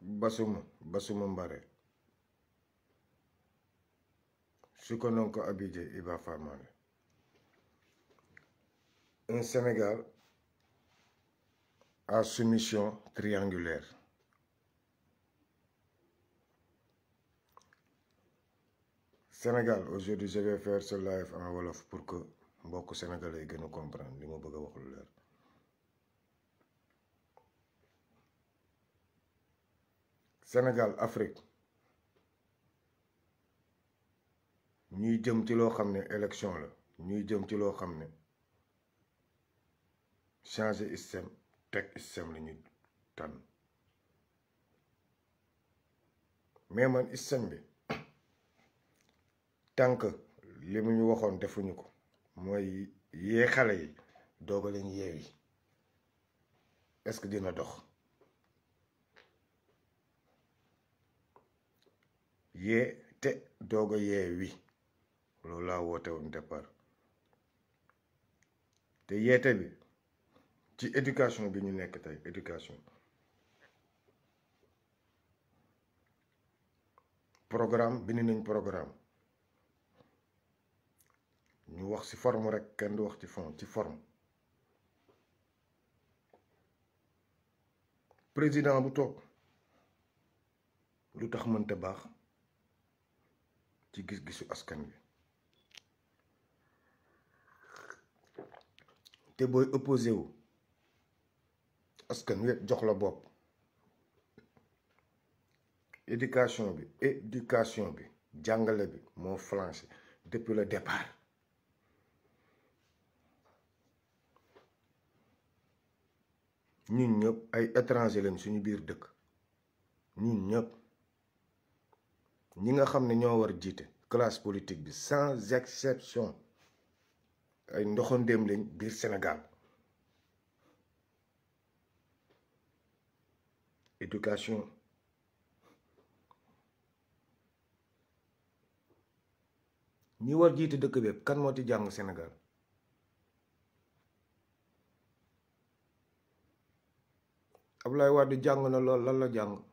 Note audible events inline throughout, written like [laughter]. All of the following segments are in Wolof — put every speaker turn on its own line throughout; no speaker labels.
Basuma Basuma Mbare suko non ko abidé Iba Fall Mané un Sénégal à soumission triangulaire Sénégal aujourd'hui je vais faire live en wolof pour que mbokk sénégalais yi gën a comprendre li ma bëgg waxul leer senegal Afrique ñuy jëm ci loo xam ne élection la ñuy jëm ci loo xam ne changer système teg système la ñu tànn mais man système bi tànk li mu ñu waxoon defuñu ko mooy yee xale yi doog lañ leen yeewi est-ce que dina dox. yee te doog yee wi loolu laa woote woon départ te yéete bi ci éducation bi ñu nekk tey éducation programme bind nañ programme ñu wax ci forme rek kenn du wax ci fond ci forme président bu toog lu tax mënta baax ci gis-gisu askan wi te booy opposé wu askan wi jox la bopp éducation bi éducation bi jàngale bi moo flanché depuis le départ ñun ñëpp ay étranger lañ suñu biir dëkk ñun ñëpp. ñi nga xam ne ñoo war jiite classe politique bi sans exception ay ndoxandéem lañ biir Sénégal éducation ñi war jiite dëkk bépp kan moo ci jàng Sénégal Abdoulaye Wade jàng na lool lan la jàng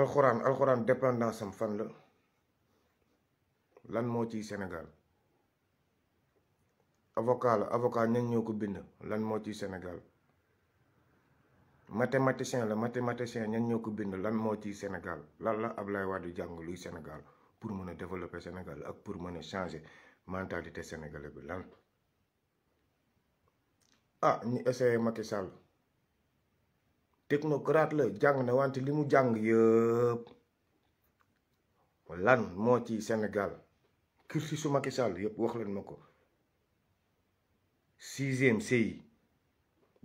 alxuraan alxuraan dépendance am fan la lan moo ciy Sénégal avocat la avocat ñan ñoo ko bind lan moo ciy Sénégal mathématicien la mathématicien ñan ñoo ko bind lan moo ciy Sénégal lan la ab lay Ablaye du jàng luy Sénégal pour mën a développer Sénégal ak pour mën a changer mentalité sénégalais bi lan ah ñu essayé Macky Sall technocrate la jàng na wante li mu jàng yëpp lan moo ci senegal cursusu su Sall yëpp wax ma ko sixième CI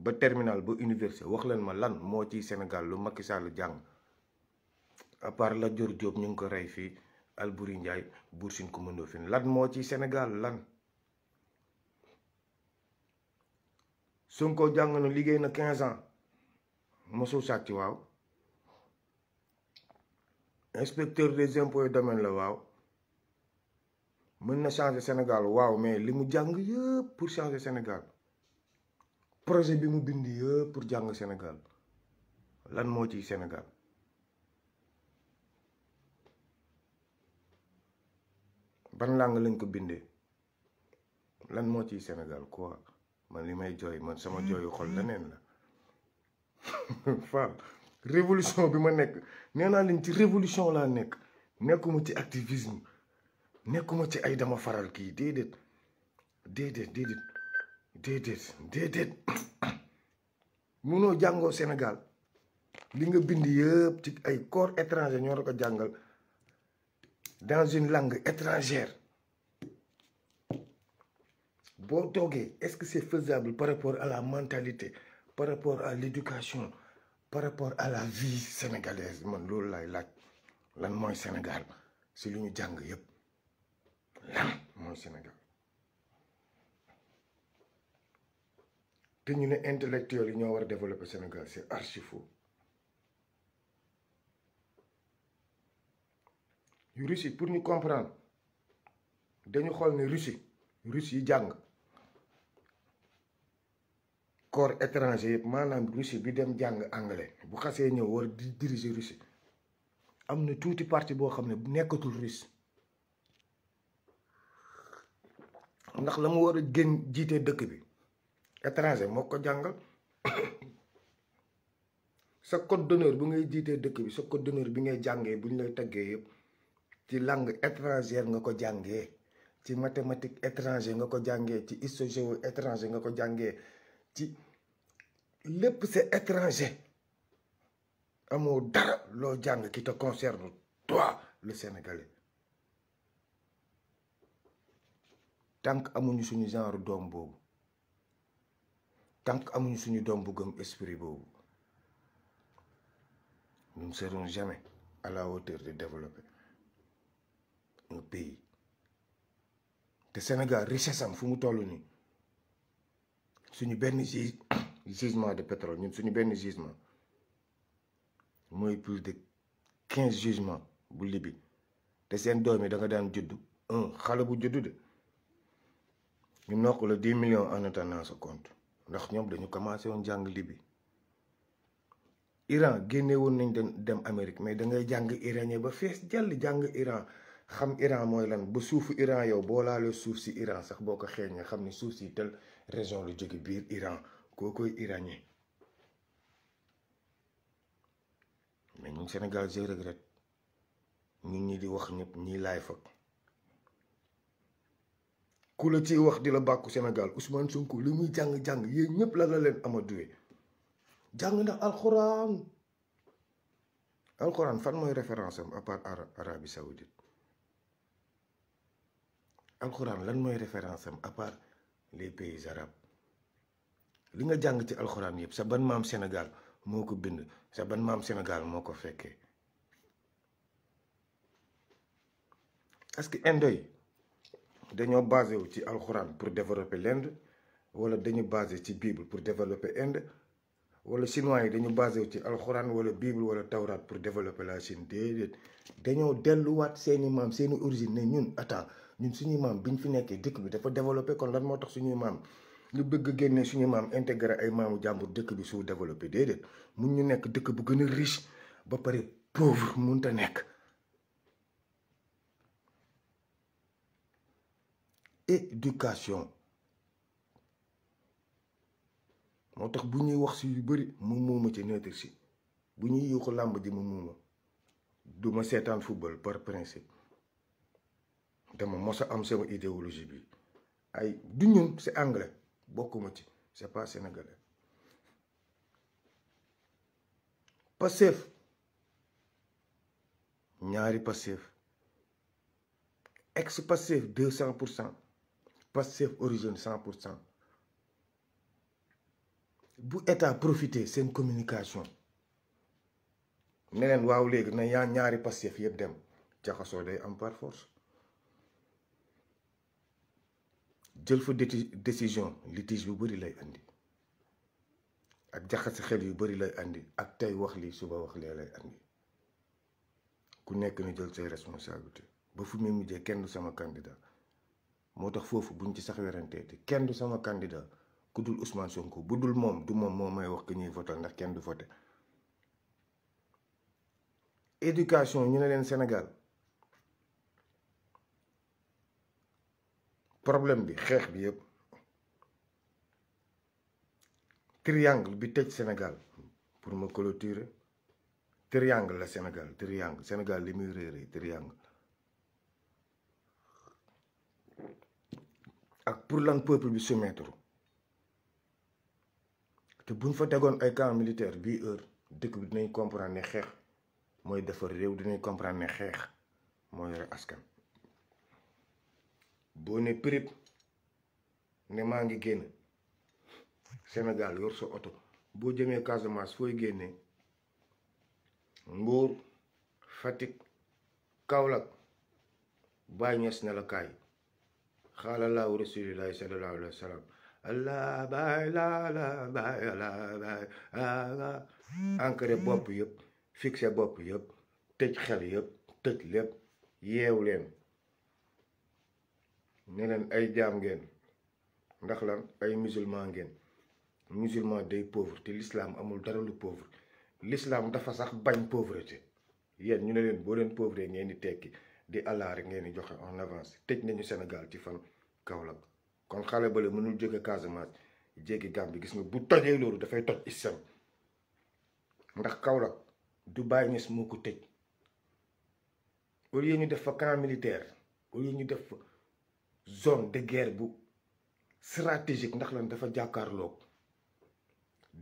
ba terminal ba université wax leen ma lan moo ciy senegal lu Macky Sall jàng à part la Dior Diop ñu ngi ko rey fii Alboury Ndiaye Bour Sine Coumba Ndofféne lan moo ci Sénégal lan Sonko jàng na liggéey na quinze ans mosul sàcc waaw inspecteur des impôts de domaines la waaw mën na changer Sénégal waaw mais li mu jàng yëpp pour changer Sénégal projet bi mu bind yëpp pour jàng Sénégal lan moo ci Sénégal ban làng lañ ko bindee lan moo ciy Sénégal quoi man li may jooy man sama jooyu xol leneen la [laughs] faal révolution bi ma nekk nee naa leen ci révolution laa nekk nekkuma ci activisme nekkuma ci ay dama faral kii déedéet déedéet déedéet déedéet déedéet [coughs] jàngoo Sénégal li nga bind yëpp ci ay corps étranger ñoo la ko jàngal dans une langue étrangère boo toogee est-ce que c'est faisable par rapport à la mentalité par rapport à l'éducation par rapport à la vie sénégalaise man loolu lay laaj lan mooy Sénégal si lu ñu jàng yëpp lan mooy Sénégal te ñu ne intellectuel yi ñoo war a développer Sénégal c'est archi faux yu Russie pour ñu comprendre dañu xool ne Russie Russie yi jàng corps étranger yëpp maanaam Russie bi dem jàng anglais bu xasee ñëw war di diriger Russie am na tuuti partie boo xam ne nekkatul russe ndax la mu war a gën jiite dëkk bi étranger moo ko jàngal [coughs] sa code d'honneur bu ngay jiitee dëkk bi sa code bi ngay jàngee bu ñu lay taggee yëpp ci langue étrangère nga ko jàngee ci mathématique étranger nga ko jàngee ci histoire géo étranger nga ko jàngee ci lépp c'est étranger amoo dara ki jàng qui te concerne toi le sénégalais tant que amuñu suñu genre doom boobu tant que amuñu suñu doom bu gëm esprit boobu nous ne serons jamais à la hauteur de pays te Sénégal richesse am fu mu toll nii. suñu benn gis gisement de pétrole ñun suñu benn gisement mooy plus de quinze gisement bu libi te seen doom yi da nga daan judd un xale bu juddu de ñu nokk la dix million en attendant sa compte ndax ñoom dañu commencé woon jàng libi Iran génne woon nañ dem Amérique mais da ngay jàng iranien ba fees jàll jàng Iran xam Iran mooy lan ba suufu Iran yow boo laalee suuf si Iran sax boo ko xeeñ nga xam ni suuf si tel raison lu jóge biir Iran kookoy iranien mais ñun Sénégal je regrette ñun ñi di wax ñëpp ñii laay fag ku la ciy wax di la bàkku Sénégal Ousmane Sonko li muy jàng-jàng yéen ñëpp la la leen a duwe jàng na alxuraan alxuraan fan mooy référence am à part Arabie Saoudite lan mooy référence am à les pays arabes li nga jàng ci alxuraan yëpp sa ban maam Sénégal moo ko bind sa ban maam Sénégal moo ko fekkee est-ce que indo yi dañoo basé wu ci alxuraan pour développer l'Inde wala dañu basé ci bible pour développer ind wala chinois yi dañu basé wu ci alxuraan wala bible wala tawraat pour développer la Chine déedéet dañoo delluwaat seeni maam seeni origine ne ñun attends ñun suñuy maam ñu fi nekkee dëkk bi dafa développé kon lan moo tax suñuy maam lu bëgg a génne suñuy maam intégré ay maamu jàmbur dëkk bi su développé déedéet mun ñu nekk dëkk bu gën a riche ba pare pauvre mënut a nekk. éducation moo tax bu ñuy wax si yu bëri mu muuma ci neutre si bu ñuy yuuxu làmb ji mu muuma duma seetaan football par principe. dama mos a am sama idéologie bi ay du ñun c'est anglais bokkuma ci c'est pas sénégalais Pastef ñaari Pastef ex Pastef deux cent pour cent Pastef origine cent pour cent bu état profité seen communication neneen waaw léegi na yaa ñaari Pastef yëpp dem jaxasoo day am par force jël fa décision litige yu bari lay andi ak jaxasi xel yu bari lay indi ak tey wax lii suba wax lee lay andi ku nekk na jël say responsabilité ba fu muy mujjee kenn du sama candidat moo tax foofu buñ ci sax werantee te kenn du sama candidat ku dul Ousmane Sonko bu dul moom du moom moo may wax que ñuy voté ndax kenn du voté éducation ñu ne leen senegal problème bi xeex bi yëpp triangle bi tëj Sénégal pour ma ture triangle la Sénégal triangle Sénégal li muy réeré triangle ak pour lan peuple bi soumettre te buñ fa tegoon ay camp militaire bii heure dëkk bi dinañ comprendre ne xeex mooy defar réew dinañ comprendre ne xeex mooy yore askan boo ne prip ne maa ngi génn Sénégal yor sa oto boo jëmee Casamance fooy génne Mbour Fatick Kaolack Baay Ñas ne la kaay xaalalaahu rasulillahi sallallahu alayhi wa baay laa bopp yëpp fixé bopp yëpp tëj xel yëpp tëj lépp yeew leen ne leen ay jaam ngeen ndax lan ay musulman ngeen musulman day pauvre te l'islam amul dara lu pauvre l'islam dafa sax bañ pauvreté yéen ñu ne leen boo leen pauvre ngeen di tekki di allah ngeen di joxe en avance tëj nañu Sénégal ci fan Kaolack kon xale bale mënul jóge Casamance jéggi Gambie gis nga bu tojee loolu dafay toj islam ndax Kaolack du Baye Niass moo ko tëj au lieu ñu def fa camp militaire au lieu ñu def fa. zone de guerre bu stratégique ndax lan dafa jàkkaarlook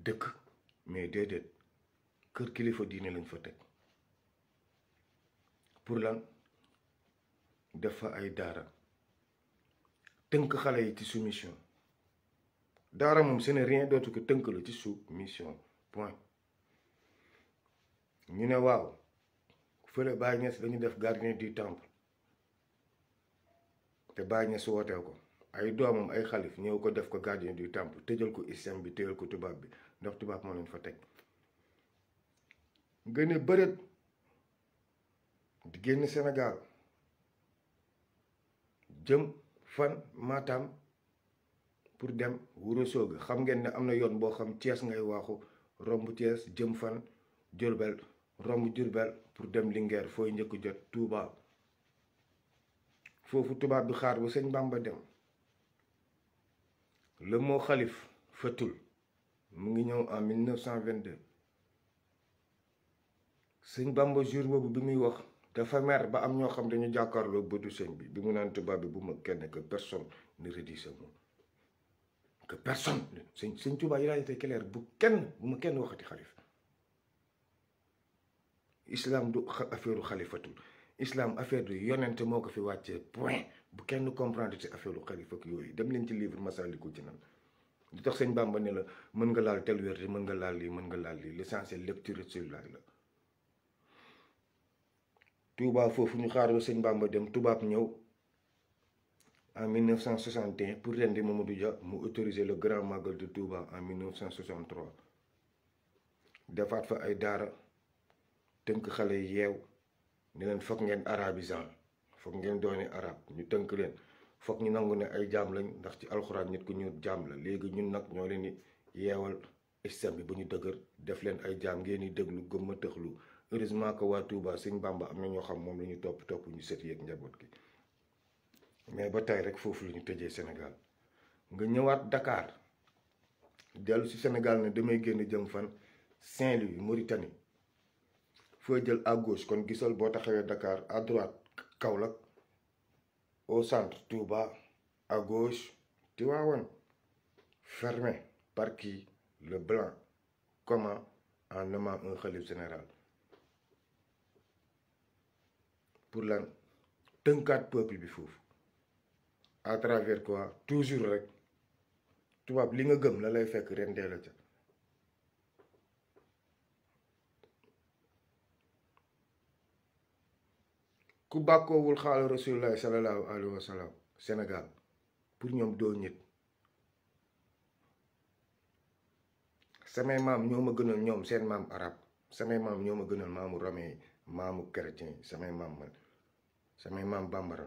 dëkk mais déedéet kër kilifa diine lañ fa teg pour lan def fa ay daara tënk xale yi ci soumission daara moom ce n'est rien d'autre que tënk la ci soumission point ñu ne waaw fële Baye Niass dañu def gardien du temple te bàyyi ñes wootee ko ay doomam ay xalif ñëw ko def ko gardien du temple tëjal ko islam bi tëjal ko tubaab bi ndax tubaab moo leen fa teg gën a bëreet di génn Sénégal jëm fan maatam pour dem Wuro Soga xam ngeen ne am na yoon boo xam Thiès ngay waxu romb Thiès jëm fan Diourbel romb Diourbel pour dem Linguère fooy njëkk jot tuubaa foofu tubaab bi xaar bu sëñ Bamba dem le mot xalif fëtul mu ngi ñëw en 1922 sëñ Bamba jour boobu bi muy wax dafa mer ba am ñoo xam dañu jàkkaarloo bëtu sëñ bi bi mu naan tubaab bi bu ma kenn que personne ne redit ce mot que personne sëñ sëñ tubaab il a été clair bu kenn bu ma kenn waxati xalif islam du affaire xalifatul islam affaire bi yonente moo ko fi wàccee point bu kenn comprendre ci affaire lu xalifa ak yooyu dem leen ci livre Masaalikul Jinaan di tax sëñ Bàmba ne la mën nga laal tel wér mën nga laal lii mën nga laal lii l'essentiel lecture cellulaire la Touba foofu ñu xaaroo seen Bàmba dem tubaab ñëw en 1961 pour a du Dia mu autorisé le grand magal de Touba en 1963 defaat fa ay daara tënk xale yeew ni leen foog ngeen arabisant foog ngeen doone arab ñu tënk leen foog ñu nangu ne ay jaam lañ ndax ci alxuraan nit ku ñu jaam la léegi ñun nag ñoo leen di yeewal islam bi bu ñu dëgër def leen ay jaam ngeen di déglu gëmma tëxlu heureusement ko waa Touba sëñ ba am na ñoo xam moom lu ñu topp topp ñu set yeeg njaboot gi mais ba tey rek foofu la ñu tëjee senegal nga ñëwaat Dakar dellu si Sénégal ne damay génn jëm fan Saint-Louis Mauritanie fooy jël à gauche kon gisal boo taxawee Dakar à droite Kaolack au centre Touba à gauche Tivaouane fermé par qui le blanc comment en nommant un khalife général pour lan tënkaat peuple bi foofu à travers quoi toujours rek tubaab li nga gëm la lay fekk rendee la ca ku bàkkoowul xaalu rasulullahi salallahu alayhi wa Sénégal pour ñoom doo nit samay maam ñoom ma gënal ñoom seen maam arab samay maam ñoo ma gënal maamu romain maamu chrétien samay maam man samay maam bambara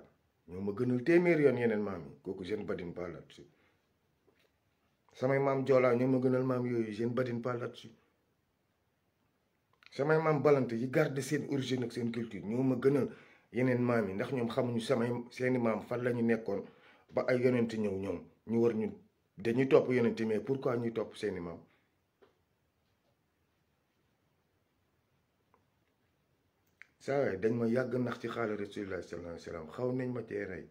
ñoo ma gënal téeméer yoon yeneen maam yi kooku jeune badine pas là-dessus samay maam joolaa ñoo ma gënal maam yooyu jeune badine pas là samay maam balante yi garde seen origine ak seen culture ñoo ma gënal yeneen maam yi ndax ñoom xamuñu samay seeni maam fan la ñu nekkoon ba ay yonent ñëw ñoom ñu war ñu dañuy topp yonent mais pourquoi ñuy topp seeni maam saa dañ ma yàgg ndax ci xaala rasulullah sallallahu alayhi xaw nañ ma cee rey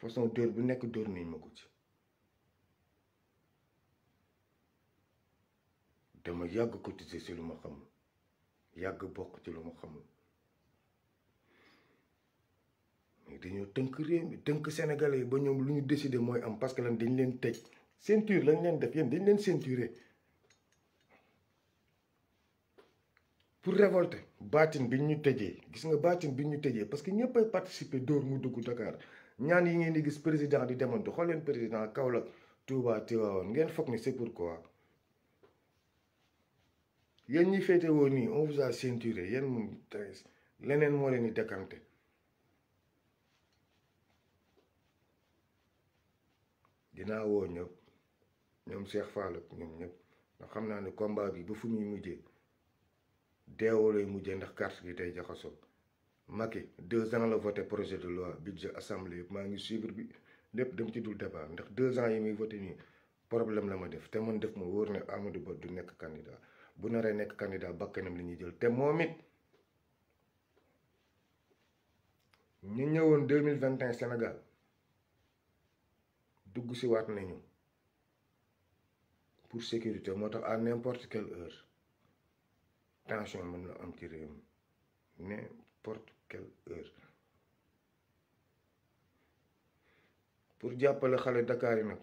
façon dóor bu nekk dóor nañ ma ko ci dama yàgg cotiser ci lu ma xamul yàgg bokk ci lu ma xamul dañoo tënk réew mi tënk sénégalais yi ba ñoom lu ñu décidé mooy am parce que lan dañ leen tëj ceinture lañ leen def yéen dañ leen ceinturé pour révolter baatin bi ñu tëjee gis nga baatin bi ñu tëjee parce que ñëpp ay participer dóor mu dugg Dakar ñaan yi ngeen di gis président di demantu xool leen président Kaolack Touba Tivaouane ngeen foog ni c'est quoi yéen ñi féete woo nii on vous a ceinturé yéen leneen moo leen di décanté dinaa woo ñëpp ñoom Cheikh Fall ak ñoom ñëpp ndax xam naa ne combat bi ba fu muy mujjee deewoo lay mujjee ndax carte gi tey jaxasoo i deux ans la voté projet de loi budget assemblée yëpp maa ngi suivre bi lépp dem ci dul débat ndax deux ans yi muy voté nii problème la ma def te man def ma wóor ne Amadou Ba du nekk candidat bu naree nekk candidat bakkanam li ñuy jël te moom it ñu ñëwoon deux mille vingt et un Sénégal. dugg si waat nañu pour sécurité moo tax à n'importe quelle heure tension mën na am ci réew mi n'importe quelle heure pour jàppale xale Dakar yi nag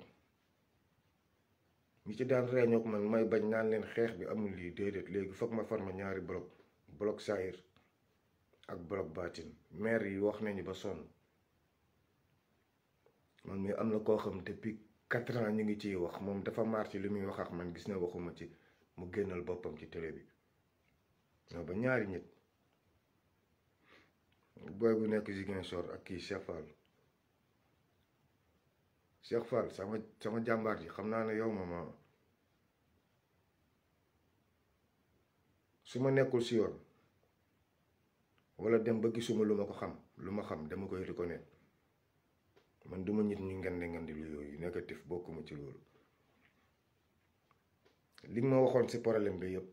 ñi ci daan reeñook man may bañ naan leen xeex bi amul lii déedéet léegi foog ma former ñaari bloc bloc saayir ak bloc baatin maire yi wax nañu ba sonn man mi am na koo xam depuis quatre ans ñu ngi ciy wax moom dafa maar ci li muy wax ak man gis na waxuma ci mu génnal boppam ci télé bi non ba ñaari nit booy bu nekk Ziguinchor ak kii Cheikh Fall Cheikh Fall sama sama jàmbaar ji xam naa ne yow ma ah. maama su ma nekkul si yoon wala dem ba gisuma lu ma ko xam lu ma xam dama koy reconnaître man duma nit ñu ngandi ngandi lu yooyu bokk bokkuma ci loolu li ma waxoon ci problème bi yëpp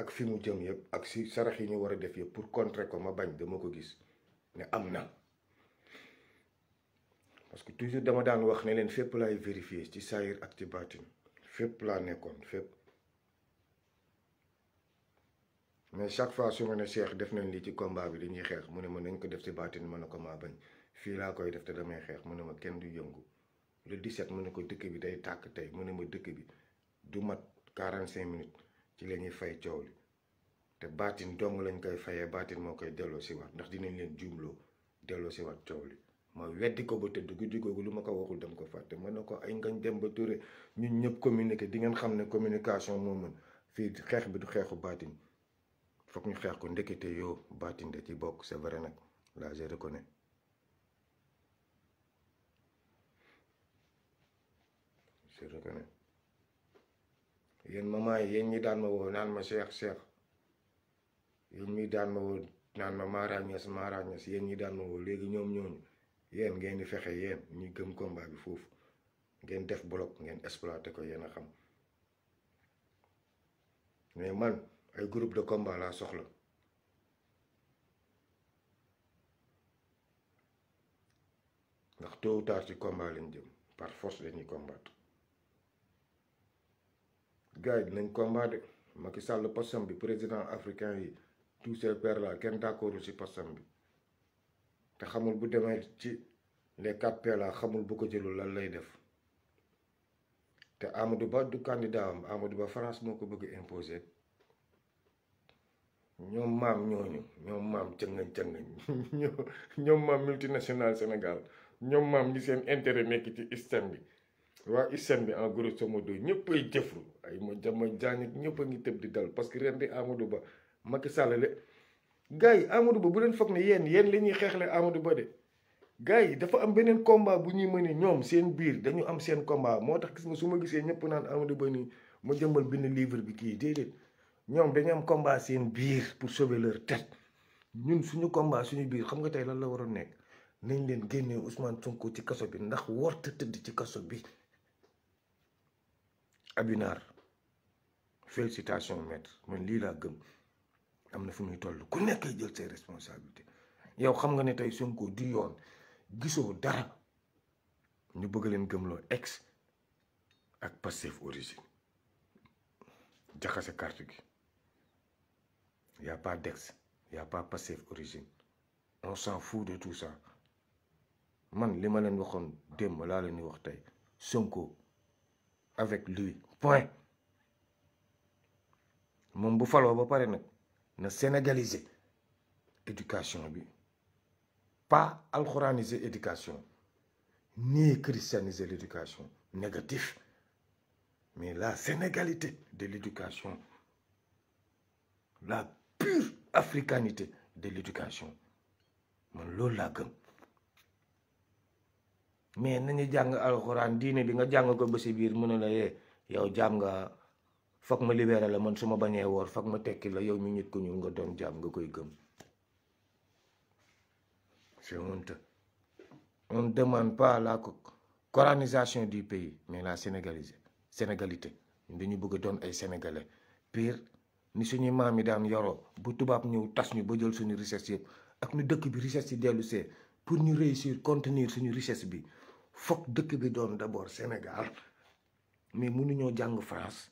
ak fi mu jëm yëpp ak si sarax yi ñu war a def yëpp pour contrer ko ma bañ dama ko gis ne am na parce que toujours dama daan wax ne fépp laay vérifier ci saayir ak ci baatin fépp laa nekkoon fépp mais chaque fois su ma ne Cheikh def nañ lii ci combat bi dañuy xeex mu ne ma nañ ko def ci baatin ma ne ko maa bañ fii laa koy def te damay xeex mu ne ma kenn du yëngu le 17 mu ne ko dëkk bi day tàkk tey mu ne ma dëkk bi du mat 45 minutes ci la ñuy fay coow li te baatin dong lañ koy fayee baatin moo koy delloo si waat ndax dinañ leen juumloo delloo si waat coow li ma weddi ko ba tëdd guddi googu lu ma ko waxul dem ko fàtte mën ne ko ay ngañ dem ba ture ñun ñëpp communiquer di ngeen xam ne communication moo mën fii xeex bi du xeexu baatin foog ñu xeex ko ndekete yoo baatin da ci bokk c'est vrai nag la je reconnais je reconnais yéen yi yéen ñi daan ma woo naan ma Cheikh Cheikh yéen ñi daan ma woo naan ma Mara Niass Mara yéen ñi daan ma woo léegi ñoom ñooñu yéen ngeen di fexe yéen ñi gëm combat bi foofu ngeen def bloc ngeen exploité ko yéen a xam mais man ay groupe de combat laa soxla ndax tôt ou tard ci combat lañ jëm par force dañuy combattre. gars yi dinañ combat de Macky sàll posam bi président africain yi tous ces pères là kenn d'accordu ci posam bi te xamul bu demee ci les quatre P là xamul bu ko jëlul lan lay def te Amadou Ba du candidat am Amadou Ba France moo ko bëgg imposer ñoom maam ñooñu ñoom maam cëngañ cëngañ [laughs] ñoom maam multinational Sénégal ñoom maam ñi seen intérêt nekk ci système bi waa ISEM bi en grosso modo ñëpp ay jëfru ay ma jama jaañ ñëpp a ngi tëb di dal parce que ren di amadu Ba Macky Sall la gars yi Amadou Ba bu leen foog ne yéen yéen li ñuy xeexle amadu Ba de gars yi dafa am beneen combat bu ñuy mëne ñoom seen biir dañu am seen combat moo tax gis nga su ma gisee ñëpp naan Amadou Ba nii ma jëmbal bind livre bi kii déedéet ñoom dañu am combat seen biir pour sauver leur tête ñun suñu combat suñu biir xam nga tey lan la waroon nekk nañ leen génnee Ousmane Sonko ci kaso bi ndax warta tëdd ci kaso bi abunaar félicitation maître man lii laa gëm am na fu muy toll ku nekk jël say responsabilité yow xam nga ne tey Sonko du yoon gisoo dara ñu bëgg leen gëmloo ex ak Pastef origine jaxase carte gi y a pas d'ex y a pas Pastef origine on s'en fout de tout ça man li ma leen waxoon démb laa leen di wax tey Sonko avec lui point moom bu faloo ba pare nag na sénégaliser éducation bi pas alxuraaniser éducation ni christianiser l'éducation négatif mais la sénégalité de l'éducation la pure africanité de l'éducation man loolu laa gëm mais nañu jàng alxuraan diine bi nga jàng ko ba si biir mën a la yee eh, yow jaam nga foog ma libéré la man suma bañee woor foog ma tekki la yow ñu nit ku ñu nga doon jaam nga koy gëm c'est honte on ne demande pas la koranisation du pays mais la sénégalisé ñu dañu bëgg doon ay sénégalais pire ni suñu maam yi daan yoroo bu tubaab ñëw tas ñu ba jël suñu richesse yëpp ak ñu dëkk bi richesse yi dellu see pour ñu réussir contenir suñu richesse bi foog dëkk bi doon d'abord Sénégal mais mënuñoo jàng France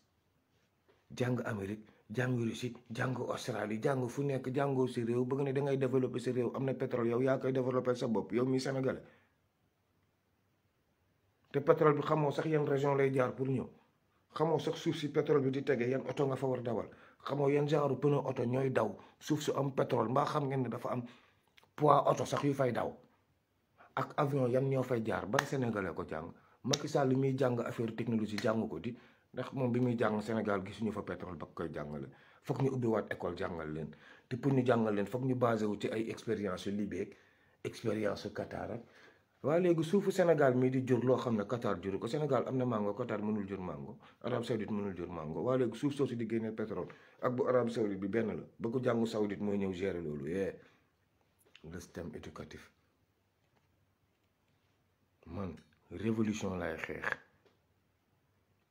jàng Amérique jàng Russie jàng Australie jàng fu nekk jàngoo si réew bëgg ne da ngay développer sa réew am na pétrole yow yaa koy développer sa bopp yow mi Sénégalais te pétrole bi xamoo sax yan région lay jaar pour ñëw xamoo sax suuf si pétrole bi di tege yan oto nga fa war dawal xamoo yan genre pneu oto ñooy daw suuf su am pétrole mbaa xam ngeen ne dafa am pois oto sax yu fay daw ak avion yan ñoo fay jaar ban Sénégalais ko jàng. Macky Sall li muy jàng affaire technologie jàng ko di ndax moom bi muy jàng Sénégal gisuñu fa pétrole ba koy jàngale foog ñu ubbiwaat école jàngal leen te pour ñu jàngal leen foog ñu basé wu ci ay expérience yu Libye expérience yu Qatar ak waaye léegi suufu Sénégal mii di jur loo xam ne Qatar juru ko Sénégal am ne mango Qatar mënul jur mango Arabie Saoudite mënul jur mango waaye léegi suuf soosu di génnee pétrole ak bu Arabie Saoudite bi benn la ba ko jàngu Saoudite mooy ñëw loolu yee eh, le système éducatif révolution lay xeex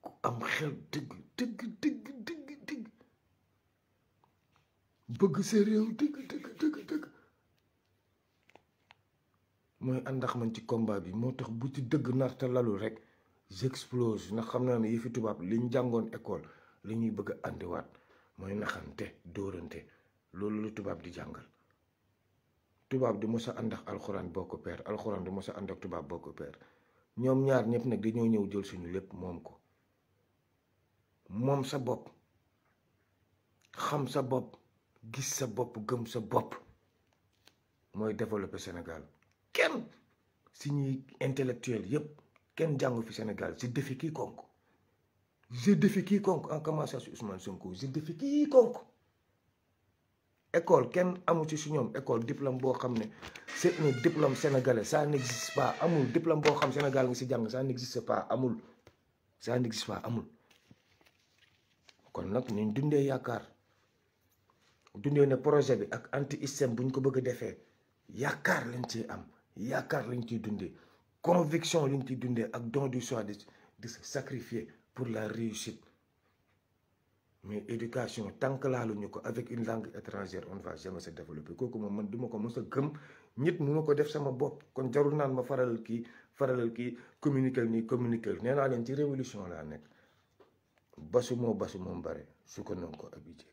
ku am xel dëgg dëgg dëgg dëgg dëgg bëgg sa réew dëgg dëgg dëgg dëgg mooy àndax man ci combat bi moo tax bu ci dëgg narta lalu rek j'explose na xam naa ne yëfi tubaab liñ jàngoon école li ñuy bëgg a àndiwaat mooy naxante dóorante loolu la tubaab di jàngal tubaab di mos a ànd alxuraan boo ko peer alxuraan du mos a tubaab boo ko peer ñoom ñaar ñëpp nag dañoo ñëw jël suñu lépp moom ko moom sa bopp xam sa bopp gis sa bopp gëm sa bopp mooy développer Sénégal kenn si ñuy intellectuel yëpp kenn jàngu fi Sénégal je défie quiconque je défie quiconque en commençant sur Ousmane Sonko je défie quiconque école kenn amul ci su ñoom école diplôme boo xam ne c'est un diplôme sénégalais ça n'existe pas amul diplôme boo xam Sénégal nga si jàng ça n'existe pas amul ça n'existe pas amul kon nag ñu dundee yaakaar dundee ne projet bi ak anti système bu ñu ko bëgg a defee yaakaar lañ ciy am yaakaar lañ ciy dundee conviction lañ ciy dundee ak don du choix de sacrifier pour la réussite mais éducation tant que ñu ko avec une langue étrangère on va jamais se développer kooku moom man duma ko mës a gëm nit mu ma ko def sama bopp kon jarul naan ma faral kii faralal kii communiquer nii communiquer nee naa leen ci révolution laa nekk basu moo basu moom bare su ko non ko abijee